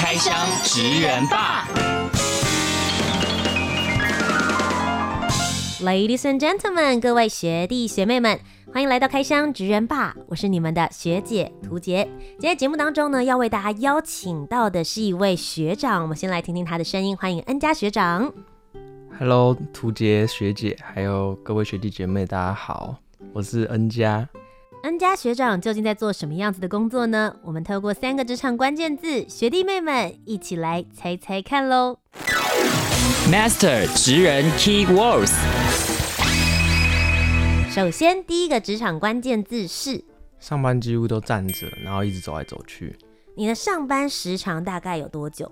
開箱職人 BAR，Ladies and gentlemen，各位學弟學妹們，歡迎來到開箱職人 BAR，我是你們的學姐屠潔。今天節目當中呢，要為大家邀請到的是一位學長，我們先來聽聽他的聲音。歡迎恩家學長，Hello，屠潔學姐，還有各位學弟姐妹，大家好，我是恩家。N 家學長究竟在做什麼樣子的工作呢？我們透過三個職場關鍵字，學弟妹們一起來猜猜看嘍。Master 職人 Keywords。首先，第一個職場關鍵字是：上班幾乎都站着然後一直走來走去。你的上班時長大概有多久？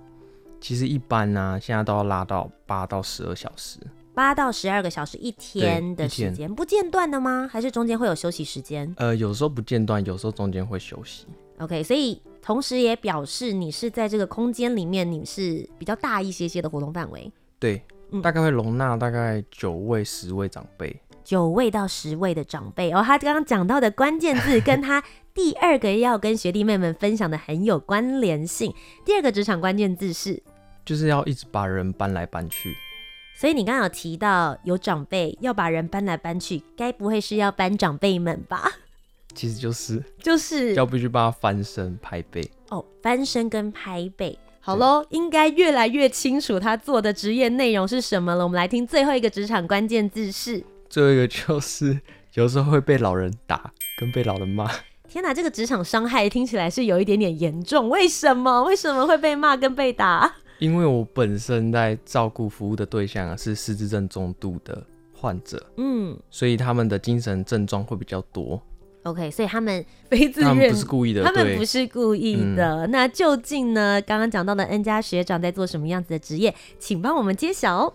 其實一般呢、啊，現在都要拉到八到十二小時。八到十二個小時一天的時間，不間斷的嗎？還是中間會有休息時間？呃，有時候不間斷，有時候中間會休息。OK，所以同時也表示你是在這個空間裡面，你是比較大一些些的活動範圍。對，大概會容納大概九位、嗯、十位長輩，九位到十位的長輩。哦、oh，他剛剛講到的關鍵字跟他第二個要跟學弟妹們分享的很有關聯性。 第二個職場關鍵字是，就是要一直把人搬來搬去。所以你剛有提到有長輩要把人搬來搬去，該不會是要搬長輩們吧？其實就是就是要必須幫他翻身拍背哦，翻身跟拍背，對好嘍，應該越來越清楚他做的職業內容是什麼了。我們來聽最後一個職場關鍵字是最後一個就是有時候會被老人打跟被老人罵。天哪、啊，這個職場傷害聽起來是有一點點嚴重，為什麼？為什麼會被罵跟被打？因為我本身在照顧服務的對象是失智症中度的患者，嗯，所以他們的精神症狀會比較多。OK，所以他們非自願，他們不是故意的，他們對不是故意的。嗯、那究竟呢？剛剛講到的 N+ 學長在做什麼樣子的職業？請幫我們揭曉。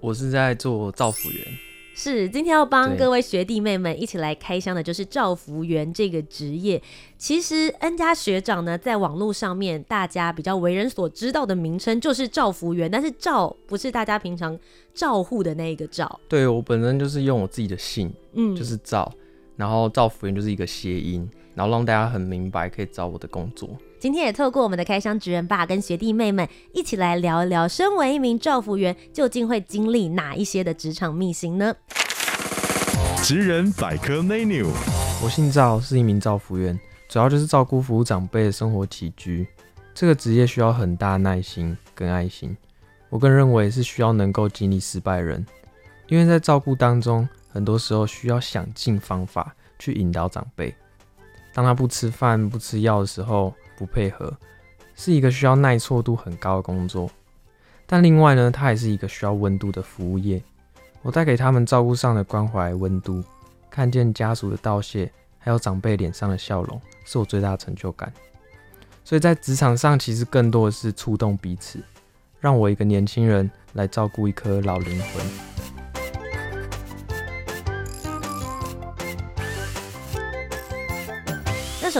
我是在做照服員。是，今天要幫各位學弟妹們一起來開箱的，就是趙服員這個職業。其實，恩家學長呢，在網絡上面大家比較為人所知道的名稱就是趙服員，但是趙不是大家平常照護的那個趙。對，我本身就是用我自己的姓，嗯，就是趙，然後趙服員就是一個諧音，然後讓大家很明白可以找我的工作。今天也透過我們的開箱職人 BAR 跟學弟妹們一起來聊一聊，身為一名照服員，究竟會經歷哪一些的職場秘辛呢？職人百科 Menu 我姓趙，是一名照服員，主要就是照顧服務長輩的生活起居。這個職業需要很大耐心跟愛心，我更認為是需要能夠經歷失敗的人，因為在照顧當中，很多時候需要想盡方法去引導長輩，當他不吃飯、不吃藥的時候。不配合，是一個需要耐挫度很高的工作。但另外呢，它也是一個需要溫度的服務業。我帶給他們照顧上的關懷溫度，看見家屬的道謝，還有長輩臉上的笑容，是我最大的成就感。所以在職場上，其實更多的是觸動彼此，讓我一個年輕人來照顧一顆老靈魂。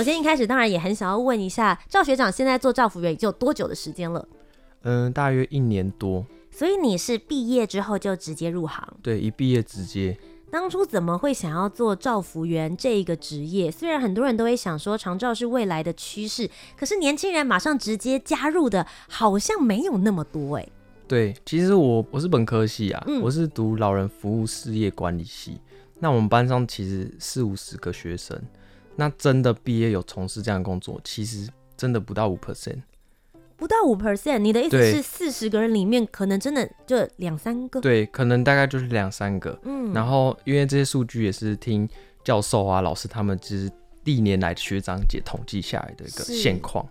首先一開始，當然也很想要問一下趙學長，現在做照服員已經有多久的時間了？嗯、呃，大約一年多。所以你是畢業之後就直接入行？對，一畢業直接。當初怎麼會想要做照服員這一個職業？雖然很多人都會想說長照是未來的趨勢，可是年輕人馬上直接加入的好像沒有那麼多哎。對，其實我我是本科系啊，嗯、我是讀老人服務事業管理系。那我們班上其實四五十個學生。那真的畢業有從事這樣工作，其實真的不到五 percent，不到五 percent。你的意思是，四十個人裡面可能真的就兩三個？對，可能大概就是兩三個。嗯，然後因為這些數據也是聽教授啊、老師他們，其實歷年來學長姐統計下來的一個現況。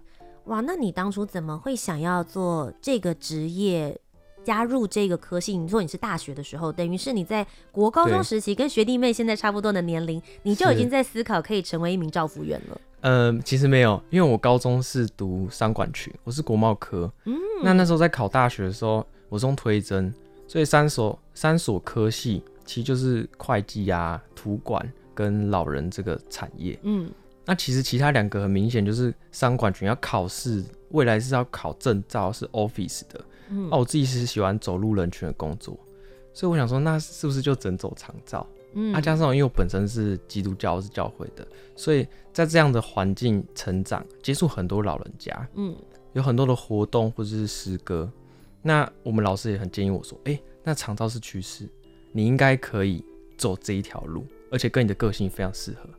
哇，那你當初怎麼會想要做這個職業？加入這個科系，你說你是大學的時候，等於是你在國高中時期跟學弟妹現在差不多的年齡，對你就已經在思考可以成為一名照服員了。嗯、呃，其實沒有，因為我高中是讀商管群，我是國貿科。嗯，那那時候在考大學的時候，我是用推甄，所以三所三所科系其實就是會計啊、圖管跟老人這個產業。嗯，那其實其他兩個很明顯就是商管群要考試，未來是要考證照是 Office 的。哦，我自己是喜歡走入人群的工作，所以我想說，那是不是就只能走長照？嗯，啊，加上因為我本身是基督教，是教會的，所以在這樣的環境成長，接觸很多老人家，嗯，有很多的活動或者是詩歌。那我們老師也很建議我說，誒、欸，那長照是趨勢，你應該可以走這一條路，而且跟你的個性非常適合。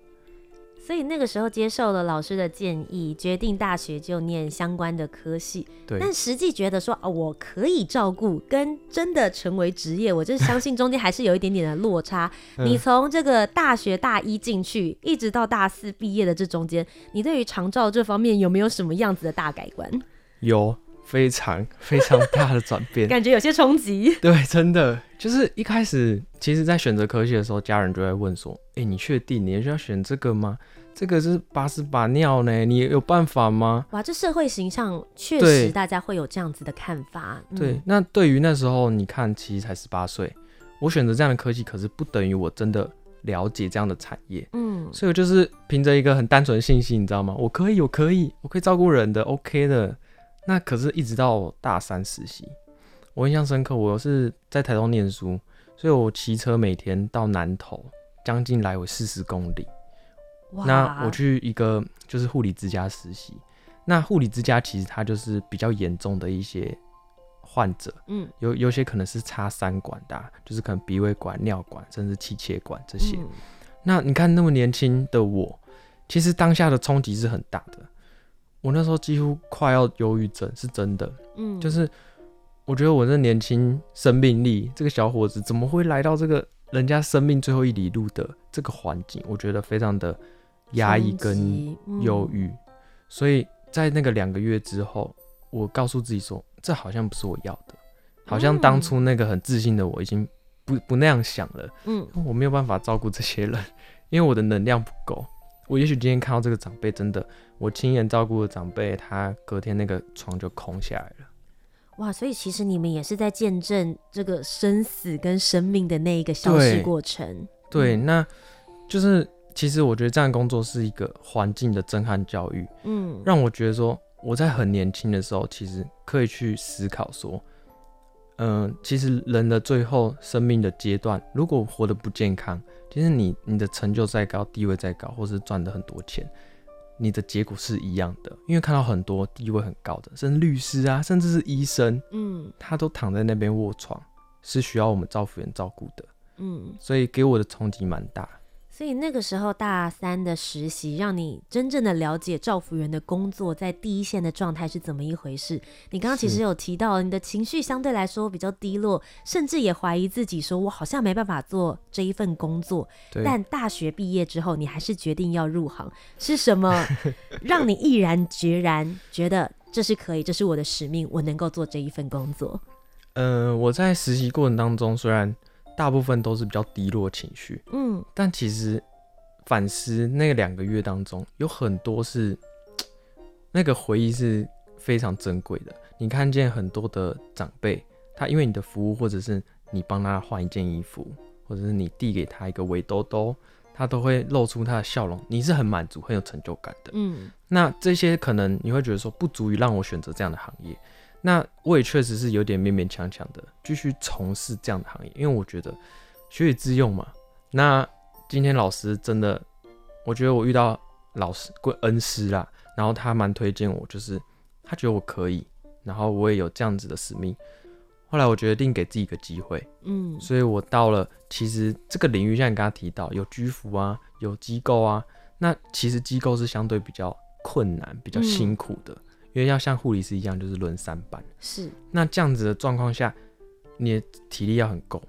所以那個時候接受了老師的建議，決定大學就念相關的科系。對。但實際覺得說哦，我可以照顧跟真的成為職業，我就是相信中間還是有一點點的落差。 你從這個大學大一進去，一直到大四畢業的這中間，你對於長照這方面有沒有什麼樣子的大改觀？有非常非常大的轉變， 感覺有些衝擊。對，真的就是一開始，其實在選擇科系的時候，家人就在問說：“哎、欸，你確定你也就是要選這個嗎？”這個是把屎把尿呢？你有辦法嗎？哇，這社會形象確實，大家會有這樣子的看法。對，嗯、對，那對於那時候，你看，其實才十八歲，我選擇這樣的科系，可是不等於我真的了解這樣的產業。嗯，所以我就是憑着一個很單純的信心，你知道嗎？我可以，我可以，我可以照顧人的，OK 的。那可是，一直到大三實習，我印象深刻。我是在台東念書，所以我騎車每天到南投，將近來回四十公里。那我去一個就是護理之家實習，那護理之家其實它就是比較嚴重的一些患者，嗯，有有些可能是插三管的啊，就是可能鼻胃管、尿管，甚至氣切管這些。那你看那麼年輕的我，其實當下的衝擊是很大的，我那時候幾乎快要憂鬱症，是真的，嗯，就是我覺得我這年輕生命力，這個小夥子怎麼會來到這個人家生命最後一里路的這個環境？我覺得非常的。壓抑跟憂鬱，嗯、所以在那個兩個月之後，我告訴自己說，這好像不是我要的，好像當初那個很自信的我已經不不那樣想了。嗯，我沒有辦法照顧這些人，因為我的能量不夠。我也許今天看到這個長輩，真的，我親眼照顧的長輩，他隔天那個床就空下來了。哇，所以其實你們也是在見證這個生死跟生命的那一個消失過程，對。對，那就是。其實我覺得這樣的工作是一個環境的震撼教育，嗯，讓我覺得說我在很年輕的時候，其實可以去思考說，嗯、呃，其實人的最後生命的階段，如果活得不健康，其實你你的成就再高，地位再高，或是賺的很多錢，你的結果是一樣的，因為看到很多地位很高的，甚至律師啊，甚至是醫生，嗯，他都躺在那邊臥床，是需要我們照服員照顧的，嗯，所以給我的衝擊蠻大。所以那個時候大三的實習，讓你真正的了解照服員的工作在第一線的狀態是怎麼一回事？你剛剛其實有提到，你的情緒相對來說比較低落，甚至也懷疑自己，說我好像沒辦法做這一份工作。但大學畢業之後，你還是決定要入行，是什麼讓你毅然決然覺得這是可以，這是我的使命，我能夠做這一份工作對？ 呃，我在實習過程當中，雖然。大部分都是比較低落的情緒，嗯，但其實反思那兩個月當中，有很多是那個回憶是非常珍貴的。你看見很多的長輩，他因為你的服務，或者是你幫他換一件衣服，或者是你遞給他一個圍兜兜，他都會露出他的笑容，你是很滿足、很有成就感的。嗯，那這些可能你會覺得說，不足以讓我選擇這樣的行業。那我也確實是有點勉勉強強的繼續從事這樣的行業，因為我覺得學以致用嘛。那今天老師真的，我覺得我遇到老師，貴恩師啦，然後他蠻推薦我，就是他覺得我可以，然後我也有這樣子的使命。後來我決定給自己一個機會，嗯，所以我到了其實這個領域，像你剛剛提到有居服啊，有機構啊，那其實機構是相對比較困難、比較辛苦的。嗯因為要像護理師一樣，就是輪三班，是那這樣子的狀況下，你的體力要很夠，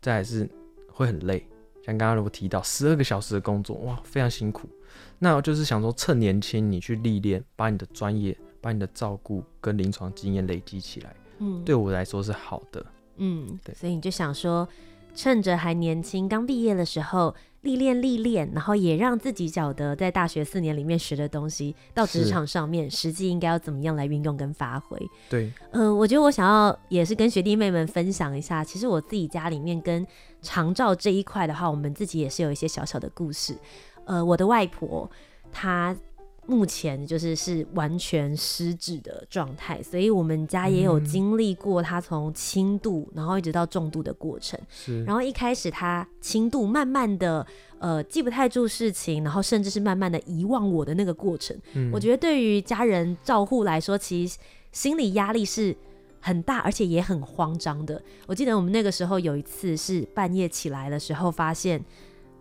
再來是會很累。像剛剛如果提到十二個小時的工作，哇，非常辛苦。那我就是想說，趁年輕你去歷練，把你的專業、把你的照顧跟臨床經驗累積起來，嗯、對我來說是好的，嗯，對。所以你就想說，趁着還年輕，剛畢業的時候。歷練歷練，然後也讓自己曉得在大學四年裡面學的東西，到職場上面實際應該要怎麼樣來運用跟發揮。對，呃，我覺得我想要也是跟學弟妹們分享一下，其實我自己家裡面跟長照這一塊的話，我們自己也是有一些小小的故事。呃，我的外婆她目前就是是完全失智的狀態，所以我們家也有經歷過他從輕度，然後一直到重度的過程。嗯，是，然後一開始他輕度，慢慢的，呃，記不太住事情，然後甚至是慢慢的遺忘我的那個過程。嗯，我覺得對於家人照護來說，其實心理壓力是很大，而且也很慌張的。我記得我們那個時候有一次是半夜起來的時候，發現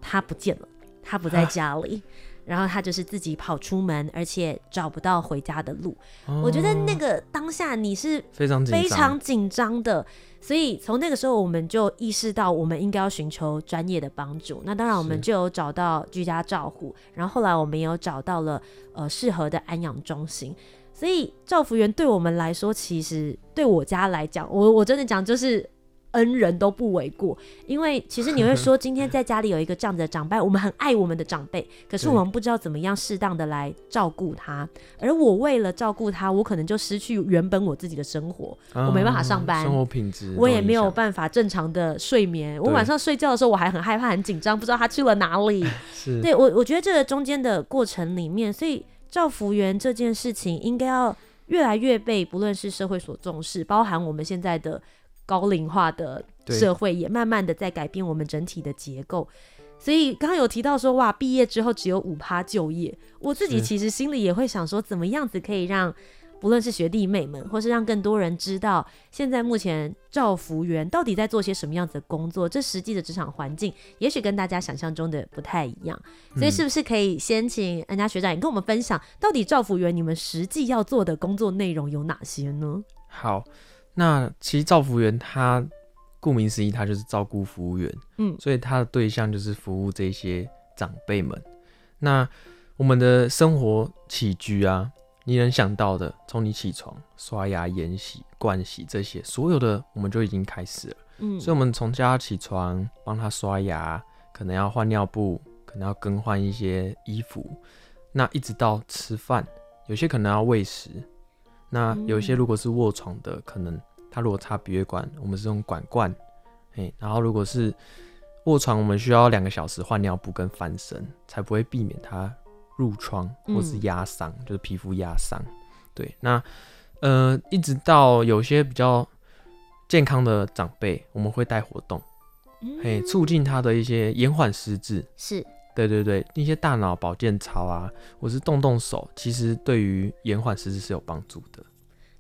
他不見了，他不在家裡。啊然後他就是自己跑出門，而且找不到回家的路。哦、我覺得那個當下你是非常非常緊張的，所以從那個時候我們就意識到我們應該要尋求專業的幫助。那當然，我們就有找到居家照護，是然後後來我們也有找到了呃適合的安養中心。所以照服員對我們來說，其實對我家來講，我我真的講就是。恩人都不為過，因為其實你會說，今天在家裡有一個這樣子的長輩， 我們很愛我們的長輩，可是我們不知道怎麼樣適當的來照顧他。對而我為了照顧他，我可能就失去原本我自己的生活，啊、我沒辦法上班，生活品質，我，我也沒有辦法正常的睡眠。對我晚上睡覺的時候，我還很害怕，很緊張，不知道他去了哪裡。是，對，我我覺得這個中間的過程裡面，所以照服員這件事情應該要越來越被不論是社會所重視，包含我們現在的。高齡化的社會也慢慢的在改變我們整體的結構，對所以剛剛有提到說，哇，畢業之後只有五趴就業，我自己其實心裡也會想說，怎麼樣子可以讓是不論是學弟妹們，或是讓更多人知道，現在目前照服員到底在做些什麼樣子的工作？這實際的職場環境，也許跟大家想象中的不太一樣，嗯、所以是不是可以先請安家學長也跟我們分享，到底照服員你們實際要做的工作內容有哪些呢？好。那其實照服員，他顧名思義，他就是照顧服務員，嗯，所以他的對象就是服務這些長輩們。那我們的生活起居啊，你能想到的，從你起床、刷牙、眼洗、盥洗這些所有的，我們就已經開始了。嗯，所以我們從家起床，幫他刷牙，可能要換尿布，可能要更換一些衣服，那一直到吃飯，有些可能要餵食。那有些如果是臥床的，嗯、可能他如果插鼻胃管，我們是用管灌。嘿，然後如果是臥床，我們需要兩個小時換尿布跟翻身，才不會避免他褥瘡或是壓傷，嗯、就是皮膚壓傷。對，那呃，一直到有些比較健康的長輩，我們會帶活動，嗯、嘿促進他的一些延緩失智。是。對對對，那些大腦保健操啊，或是動動手，其實對於延緩失智是有幫助的。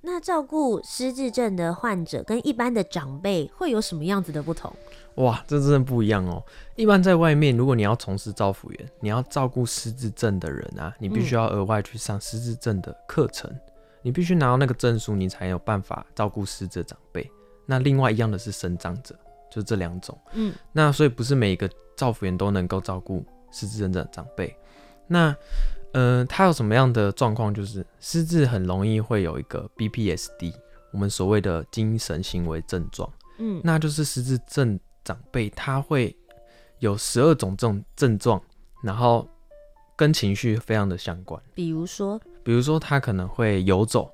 那照顧失智症的患者跟一般的長輩會有什麼樣子的不同？哇，這真的不一樣哦。一般在外面，如果你要從事照服員，你要照顧失智症的人啊，你必須要額外去上失智症的課程，嗯、你必須拿到那個證書，你才有辦法照顧失智長輩。那另外一樣的是身障者，就這兩種。嗯，那所以不是每一個照服員都能夠照顧。失智症的長輩，那，嗯、呃，他有什麼樣的狀況？就是失智很容易會有一個 BPSD，我們所謂的精神行為症狀。嗯，那就是失智症長輩他會有十二種這種症狀，然後跟情緒非常的相關。比如說，比如說他可能會游走。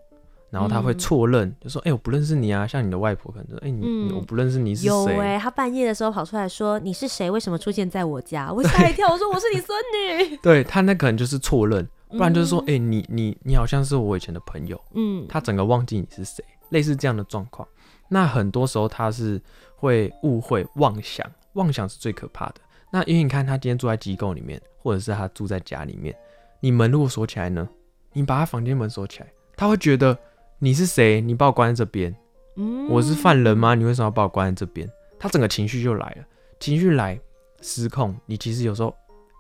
然後他會錯認，嗯、就說：“哎、欸，我不認識你啊！像你的外婆可能說：‘哎、欸，你、嗯、我不認識你是誰？’有哎、欸，他半夜的時候跑出來說：‘你是誰？為什麼出現在我家？’對我嚇一跳，我說：‘我是你孫女。 對’對他那可能就是錯認，不然就是說：‘哎、嗯欸，你你你好像是我以前的朋友。’嗯，他整個忘記你是誰，類似這樣的狀況。那很多時候他是會誤會、妄想，妄想是最可怕的。那因為你看他今天住在機構裡面，或者是他住在家裡面，你門如果鎖起來呢？你把他房間門鎖起來，他會覺得。你是誰？你把我關在這邊，嗯，我是犯人嗎？你為什麼要把我關在這邊？他整個情緒就來了，情緒來失控。你其實有時候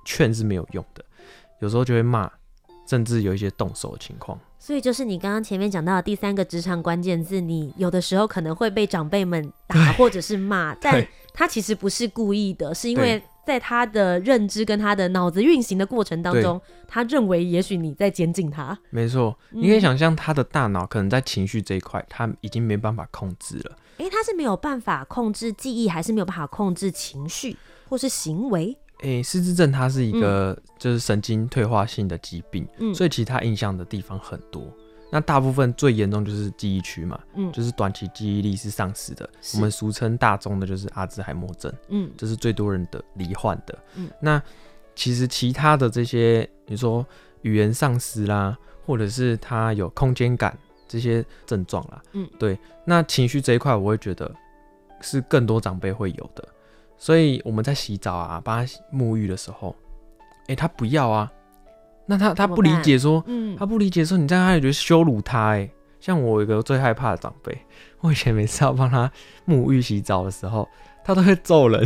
勸是沒有用的，有時候就會罵，甚至有一些動手的情況。所以就是你剛剛前面講到的第三個職場關鍵字，你有的時候可能會被長輩們打或者是罵，對但他其實不是故意的，是因為。在他的認知跟他的腦子運行的過程當中，對他認為也許你在監禁他。沒錯，你可以想象他的大腦可能在情緒這一塊，嗯、他已經沒辦法控制了。誒、欸，他是沒有辦法控制記憶，還是沒有辦法控制情緒，或是行為？誒、欸，失智症它是一個就是神經退化性的疾病，嗯、所以其他影響的地方很多。那大部分最嚴重就是記憶區嘛，嗯、就是短期記憶力是喪失的。是我們俗稱大宗的就是阿茲海默症，嗯，這是最多人的罹患的。嗯，那其實其他的這些，你說語言喪失啦，或者是他有空間感這些症狀啦，嗯，對。那情緒這一塊，我會覺得是更多長輩會有的。所以我們在洗澡啊，幫他沐浴的時候，哎、欸，他不要啊。那他他不理解說，嗯、他不理解說，你在他也覺得羞辱他哎。像我一個最害怕的長輩，我以前每次要幫他沐浴洗澡的時候，他都會揍人，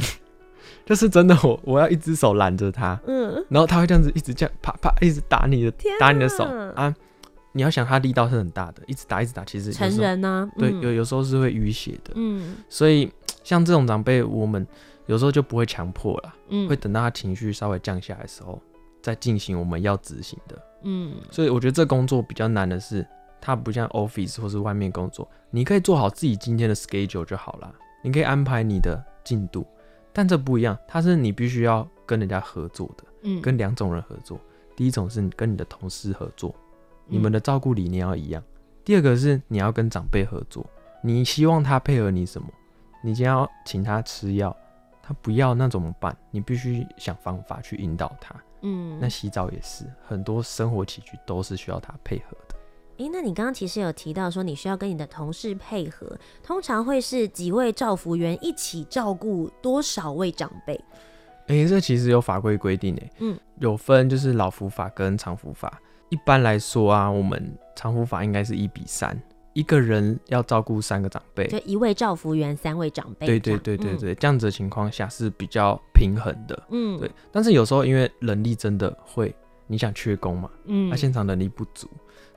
就是真的我，我我要一只手攔着他，嗯，然後他會這樣子一直這樣啪啪一直打你的，啊、打你的手啊，你要想他力道是很大的，一直打一直打，其實就是成人啊，嗯、對，有有時候是會淤血的，嗯，所以像這種長輩，我們有時候就不會強迫了，嗯，會等到他情緒稍微降下來的時候，在進行我們要執行的，嗯，所以我覺得這工作比較難的是，它不像 office 或是外面工作，你可以做好自己今天的 schedule 就好了，你可以安排你的進度，但這不一樣，它是你必須要跟人家合作的，嗯，跟兩種人合作，第一種是跟你的同事合作，你們的照顧理念要一樣，第二個是你要跟長輩合作，你希望他配合你什麼，你先要請他吃藥，他不要那怎麼辦？你必須想方法去引導他。嗯，那洗澡也是，很多生活起居都是需要他配合的。誒，那你剛剛其實有提到說你需要跟你的同事配合，通常會是幾位照服員一起照顧多少位長輩？誒，這其實有法規規定的。嗯，有分就是老服法跟長服法。一般來說啊，我們長服法應該是一比三。一個人要照顧三個長輩，就一位照服員，三位長輩。對對對對對，嗯、這樣子的情況下是比較平衡的。嗯，對。但是有時候因為人力真的會，你想缺工嘛。嗯。他、啊、現場人力不足，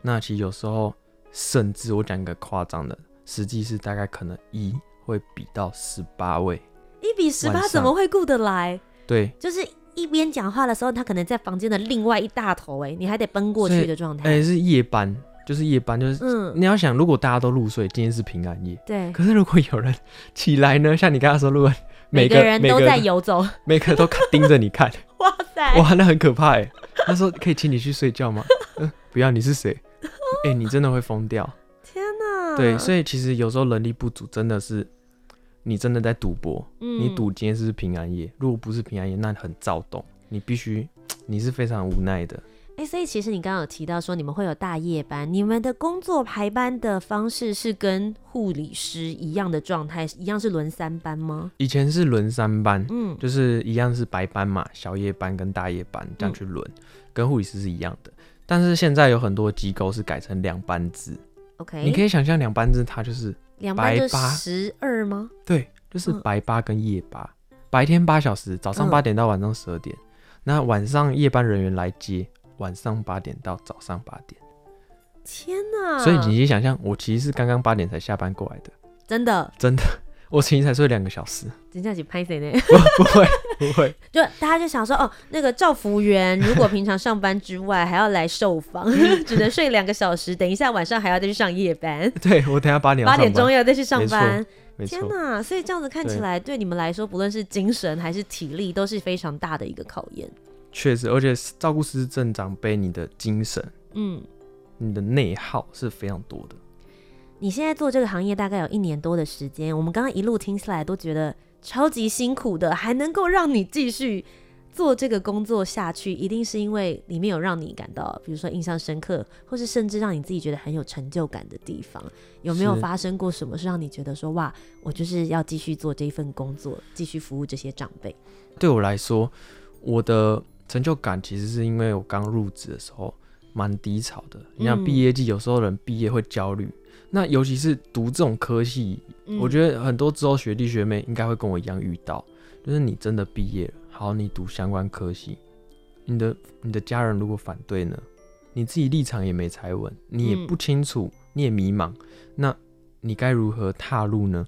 那其實有時候甚至我講一個誇張的，實際是大概可能一會比到十八位，一比十八怎麼會顧得來？對，就是一邊講話的時候，他可能在房間的另外一大頭，哎，你還得奔過去的狀態。哎、欸，是夜班。就是夜班，就是、嗯、你要想，如果大家都入睡，今天是平安夜。對。可是如果有人起來呢？像你剛才說，如果每個人都在遊走，每個人都盯着你看，哇塞，哇，那很可怕哎。他說可以請你去睡覺嗎？ 嗯、不要，你是誰？哎、欸，你真的會瘋掉！天哪。對，所以其實有時候人力不足，真的是你真的在賭博。嗯、你賭今天是平安夜，如果不是平安夜，那你很躁動。你必須，你是非常無奈的。哎、欸，所以其實你剛剛有提到說你們會有大夜班，你們的工作排班的方式是跟護理師一樣的狀態，一樣是輪三班嗎？以前是輪三班，嗯，就是一樣是白班嘛、小夜班跟大夜班這樣去輪，嗯、跟護理師是一樣的。但是現在有很多機構是改成兩班制，OK？你可以想象兩班制，它就是白班。兩班十二嗎？對，就是白班跟夜班，嗯、白天八小時，早上八點到晚上十二點，嗯、那晚上夜班人員來接。晚上八點到早上八點，天哪！所以你想象，我其實是剛剛八點才下班過來的，真的，真的，我才睡兩個小時。等下請拍誰呢？ 不不會不會，不會就大家就想說，哦，那個趙服員，如果平常上班之外還要來受訪，只能 睡兩個小時，等一下晚上還要再去上夜班。對，我等下八點八點鐘要再去上班。天哪！所以這樣子看起來，對，對你們來說，不論是精神還是體力，都是非常大的一個考驗。確實，而且照顧失智長輩，你的精神，嗯，你的內耗是非常多的。你現在做這個行業大概有一年多的時間，我們剛剛一路聽下來都覺得超級辛苦的，還能夠讓你繼續做這個工作下去，一定是因為裡面有讓你感到，比如說印象深刻，或是甚至讓你自己覺得很有成就感的地方。有沒有發生過什麼，是讓你覺得說，是哇，我就是要繼續做這份工作，繼續服務這些長輩？對我來說，我的。成就感其實是因為我剛入職的時候蠻低潮的。你、嗯、像畢業季，有時候人畢業會焦慮，那尤其是讀這種科系，嗯、我覺得很多之後學弟學妹應該會跟我一樣遇到，就是你真的畢業了，好，你讀相關科系，你的你的家人如果反對呢？你自己立場也沒踩穩，你也不清楚，嗯、你也迷茫，那你該如何踏入呢？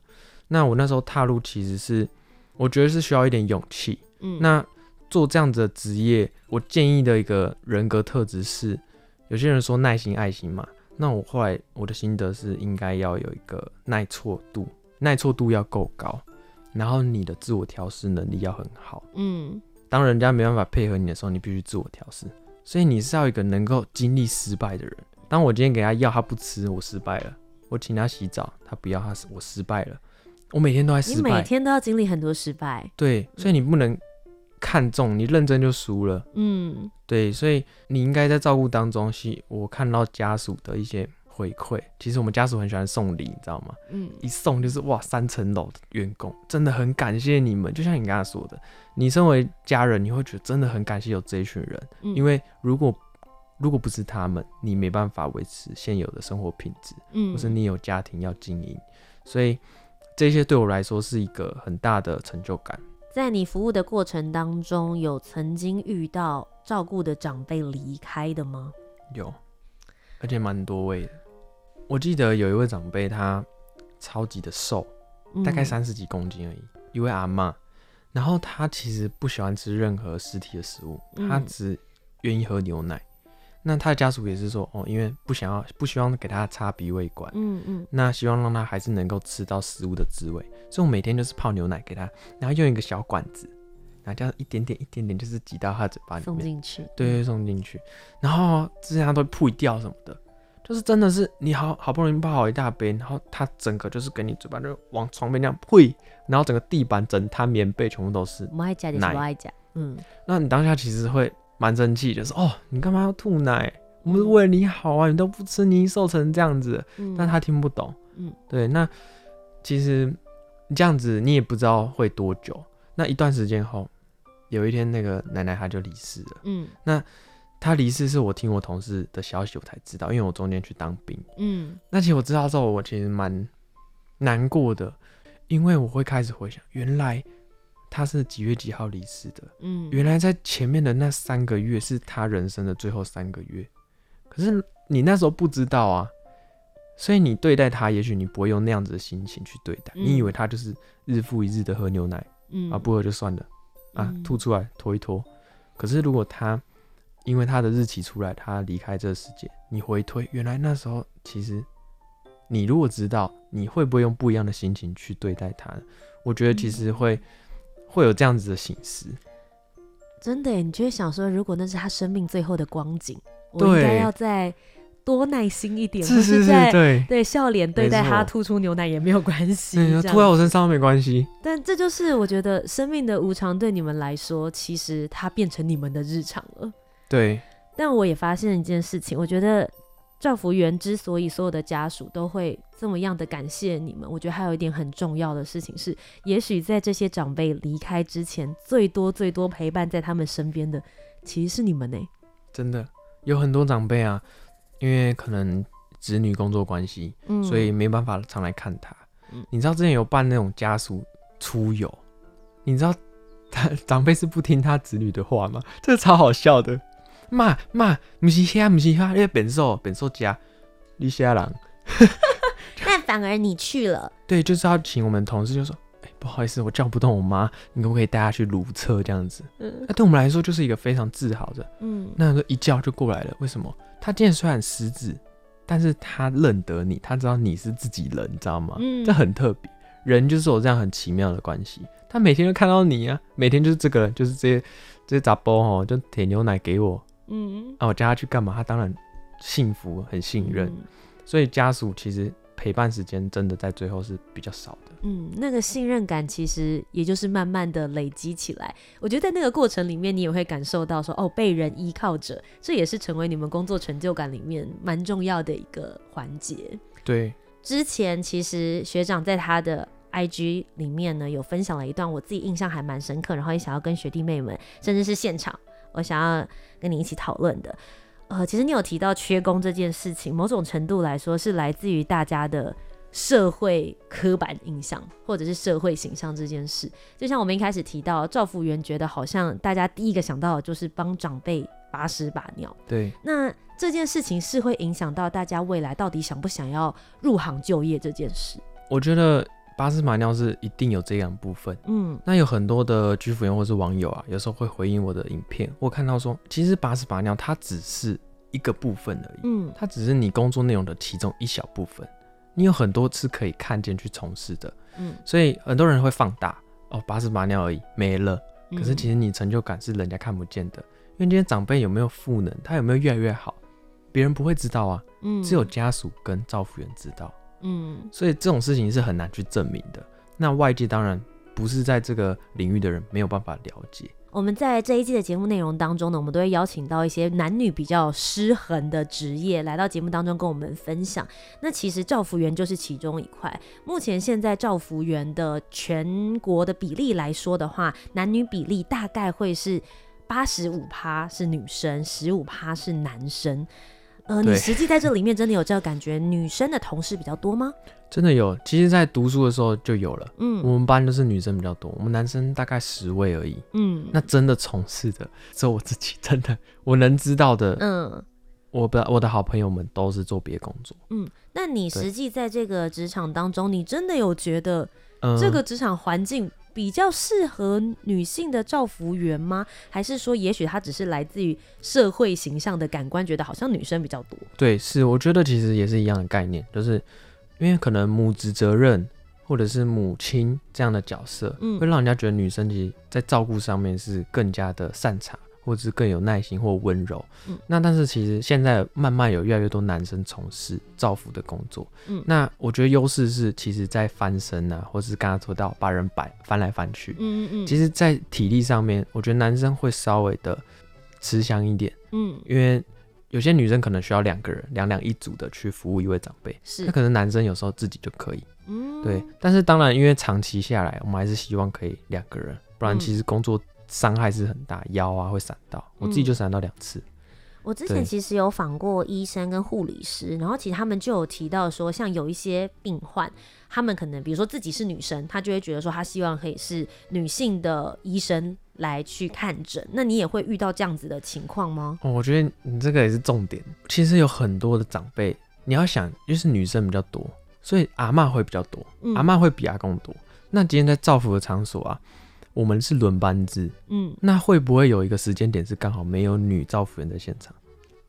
那我那時候踏入其實是，我覺得是需要一點勇氣。嗯，那。做這樣子的職業，我建議的一個人格特質是，有些人說耐心、愛心嘛。那我後來我的心得是，應該要有一個耐挫度，耐挫度要夠高，然後你的自我調適能力要很好。嗯，當人家沒辦法配合你的時候，你必須自我調適。所以你是要一個能夠經歷失敗的人。當我今天給他藥，他不吃，我失敗了；我請他洗澡，他不要他，他我失敗了。我每天都在失敗，你每天都要經歷很多失敗。對，所以你不能。看中你認真就輸了。嗯，對，所以你應該在照顧當中，是我看到家屬的一些回饋。其實我們家屬很喜歡送禮，你知道嗎？嗯，一送就是哇，三層樓的員工真的很感謝你們。就像你剛才說的，你身為家人，你會覺得真的很感謝有這一群人，嗯，因為如果如果不是他們，你沒辦法維持現有的生活品質，嗯，或是你有家庭要經營，所以這些對我來說是一個很大的成就感。在你服務的過程當中，有曾經遇到照顧的長輩離開的嗎？有，而且蠻多位的。我記得有一位長輩，他超級的瘦，嗯、大概三十幾公斤而已，一位阿嬤。然後他其實不喜歡吃任何實體的食物，嗯、他只願意喝牛奶。那他的家屬也是說，哦，因為不想要，不希望給他插鼻胃管，嗯嗯，嗯那希望讓他還是能夠吃到食物的滋味，所以我每天就是泡牛奶給他，然後用一個小管子，然後這樣一點點一點點，就是擠到他的嘴巴裡面，送進去，對，送進去，然後之前他都會撲掉什麼的，就是真的是你好好不容易泡好一大杯，然後他整個就是給你嘴巴就往床邊那樣撲，然後整個地板、整灘棉被全部都是奶，嗯，那你當下其實會。蠻生氣的說，說哦，你幹嘛要吐奶？我們是為你好啊，你都不吃，你瘦成這樣子。嗯，但他聽不懂。嗯，對，那其實這樣子你也不知道會多久。那一段時間後，有一天那個奶奶她就離世了。嗯，那她離世是我聽我同事的消息我才知道，因為我中間去當兵。嗯，那其實我知道之後，我其實蠻難過的，因為我會開始回想，原來。他是幾月幾號離世的？嗯，原來在前面的那三個月是他人生的最後三個月，可是你那時候不知道啊，所以你對待他，也許你不會用那樣子的心情去對待。你以為他就是日復一日的喝牛奶，嗯啊，不喝就算了，啊，吐出來拖一拖。可是如果他因為他的日期出來，他離開這個世界，你回推，原來那時候其實你如果知道，你會不會用不一樣的心情去對待他？我覺得其實會。會有這樣子的形式，真的，你就會想說，如果那是他生命最後的光景，對我應該要再多耐心一點，就是，是，是，是在對，對笑臉對待他，吐出牛奶也沒有關係，吐在錯我身上都沒關係。但這就是我覺得生命的無常，對你們來說，其實它變成你們的日常了。對。但我也發現一件事情，我覺得。照服員之所以所有的家屬都會這麼樣的感謝你們，我覺得還有一點很重要的事情是，也許在這些長輩離開之前，最多最多陪伴在他們身邊的其實是你們呢、欸。真的有很多長輩啊，因為可能子女工作關係，嗯、所以沒辦法常來看他。嗯、你知道之前有辦那種家屬出遊，你知道他長輩是不聽他子女的話嗎？這個、超好笑的。罵罵，不是他，不是他，因為本獸本獸家，你是郎。 就 那反而你去了，對，就是要請我們同事就說，欸、不好意思，我叫不動我媽，你可不可以帶她去如廁這樣子？嗯，那對我們來說就是一個非常自豪的，嗯，那個一叫就過來了。為什麼？他今天雖然失智，但是他認得你，他知道你是自己人，你知道嗎？嗯，這很特別，人就是有這樣很奇妙的關係。他每天就看到你啊，每天就是這個，人就是這些這些雜包哈，就帶牛奶給我。嗯，啊，我叫他去幹嘛？他當然幸福，很信任，嗯，所以家屬其實陪伴時間真的在最後是比較少的。嗯，那個信任感其實也就是慢慢的累積起來。我覺得在那個過程裡面，你也會感受到說，哦，被人依靠着，這也是成為你們工作成就感裡面蠻重要的一個環節。對，之前其實學長在他的 IG 裡面呢，有分享了一段，我自己印象還蠻深刻，然後也想要跟學弟妹們，甚至是現場。我想要跟你一起討論的，呃，其實你有提到缺工這件事情，某種程度來說是來自於大家的社會刻板印象或者是社會形象這件事。就像我們一開始提到，趙服員覺得好像大家第一個想到的就是幫長輩把屎把尿。對，那這件事情是會影響到大家未來到底想不想要入行就業這件事。我覺得。把屎把尿是一定有這樣的部分，嗯，那有很多的居服員或是網友啊，有時候會回應我的影片，我看到說，其實把屎把尿它只是一個部分而已，嗯，它只是你工作內容的其中一小部分，你有很多次可以看見去從事的，嗯，所以很多人會放大哦，把屎把尿而已，沒了，可是其實你成就感是人家看不見的，嗯，因為今天長輩有沒有賦能，他有沒有越來越好，別人不會知道啊，嗯，只有家屬跟照服員知道。嗯，所以這種事情是很難去證明的。那外界當然不是在這個領域的人沒有辦法了解。我們在這一季的節目內容當中呢，我們都會邀請到一些男女比較失衡的職業來到節目當中跟我們分享。那其實照服員就是其中一塊。目前現在照服員的全國的比例來說的話，男女比例大概會是八十五趴是女生，十五趴是男生。呃，你實際在這裡面真的有這個感覺？女生的同事比較多嗎？真的有，其實在讀書的時候就有了。嗯，我們班都是女生比較多，我們男生大概十位而已。嗯，那真的從事的，只有我自己，真的我能知道的。嗯，我的我的好朋友們都是做別的工作。嗯，那你實際在這個職場當中，對你真的有覺得這個職場環境比較適合女性的照服員嗎？還是說，也許她只是來自於社會形象的感官，覺得好像女生比較多？對，是，我覺得其實也是一樣的概念，就是因為可能母職責任，或者是母親這樣的角色，嗯、會讓人家覺得女生其實，在照顧上面是更加的擅長。或者是更有耐心或溫柔，嗯、那但是其實現在慢慢有越來越多男生從事照服的工作，嗯，那我覺得優勢是其實，在翻身吶、啊，或者是剛剛說到把人擺翻來翻去，嗯嗯，其實在體力上面，我覺得男生會稍微的吃香一點，嗯，因為有些女生可能需要兩個人兩兩一組的去服務一位長輩，是，那可能男生有時候自己就可以，嗯、對，但是當然，因為長期下來，我們還是希望可以兩個人，不然其實工作、嗯。傷害是很大，腰啊會閃到，嗯、我自己就閃到兩次。我之前其實有訪過醫生跟護理師，對然後其實他們就有提到說，像有一些病患，他們可能比如說自己是女生，他就會覺得說，他希望可以是女性的醫生來去看診。那你也會遇到這樣子的情況嗎？哦，我覺得你這個也是重點。其實有很多的長輩，你要想，就是女生比較多，所以阿嬤會比較多，嗯、阿嬤會比阿公多。那今天在照服的場所啊，我們是輪班制，嗯，那會不會有一個時間點是剛好沒有女照服員的現場？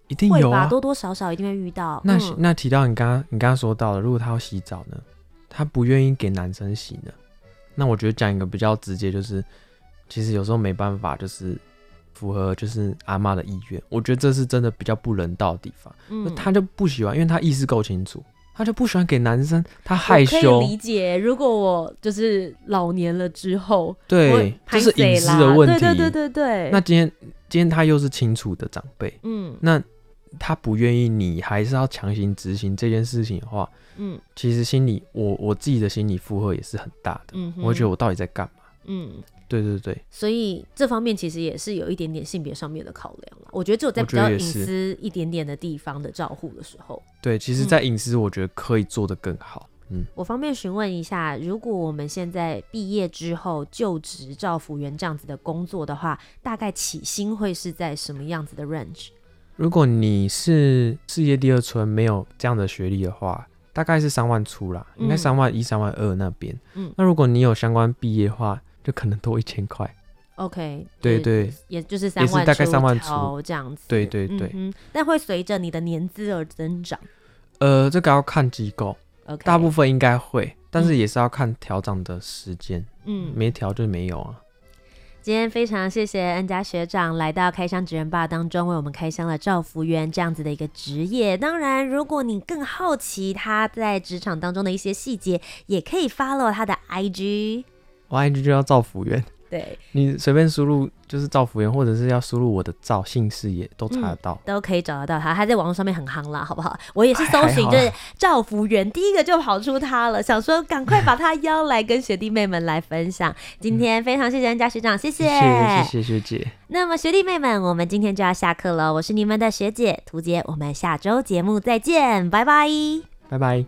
一定有啊，吧多多少少一定會遇到。那、嗯、那提到你剛剛你剛剛說到的，如果她要洗澡呢，她不願意給男生洗呢，那我覺得講一個比較直接，就是其實有時候沒辦法，就是符合就是阿嬤的意願，我覺得這是真的比較不人道的地方。那她、嗯、就不喜歡，因為她意識夠清楚。他就不喜歡給男生，他害羞。我可以理解，如果我就是老年了之後，對，就是隱私的問題。對對對對對，那今天今天他又是清楚的長輩，嗯，那他不願意，你還是要強行執行這件事情的話，嗯，其實心裡我我自己的心理負荷也是很大的，嗯哼，我會覺得我到底在幹嘛，嗯。對對對，所以這方面其實也是有一點點性別上面的考量了。我覺得只有在比較隱私一點點的地方的照護的時候，對，其實，在隱私我覺得可以做得更好。嗯，嗯我方便詢問一下，如果我們現在畢業之後就職照服員這樣子的工作的話，大概起薪會是在什麼樣子的 range？如果你是世界第二春沒有這樣的學歷的話，大概是三萬初啦，應該三萬一三萬二那邊。嗯，那如果你有相關畢業的話。就可能多一千塊，OK，就對,對對，也就是三萬是大概三萬出頭這樣子，對對對。嗯，但會隨着你的年資而增長。呃，這個要看機構，okay, 大部分應該會，嗯、但是也是要看調整的時間。嗯，沒調就沒有啊、嗯。今天非常謝謝恩家學長來到《開箱職人 BAR》當中為我們開箱了照服員這樣子的一個職業。當然，如果你更好奇他在職場當中的一些細節，也可以 follow 他的 IG。我 IG 就叫趙服員，對，你隨便輸入就是趙服員，或者是要輸入我的趙姓氏也都查得到，嗯，都可以找得到他，他在網絡上面很夯啦，好不好？我也是搜尋，哎，就是趙服員，第一個就跑出他了，想說趕快把他邀來跟學弟妹們來分享。嗯，今天非常謝謝人家學長，謝謝謝謝。謝謝學姐。那麼學弟妹們，我們今天就要下課了，我是你們的學姐屠潔，我們下周節目再見，拜拜，拜拜。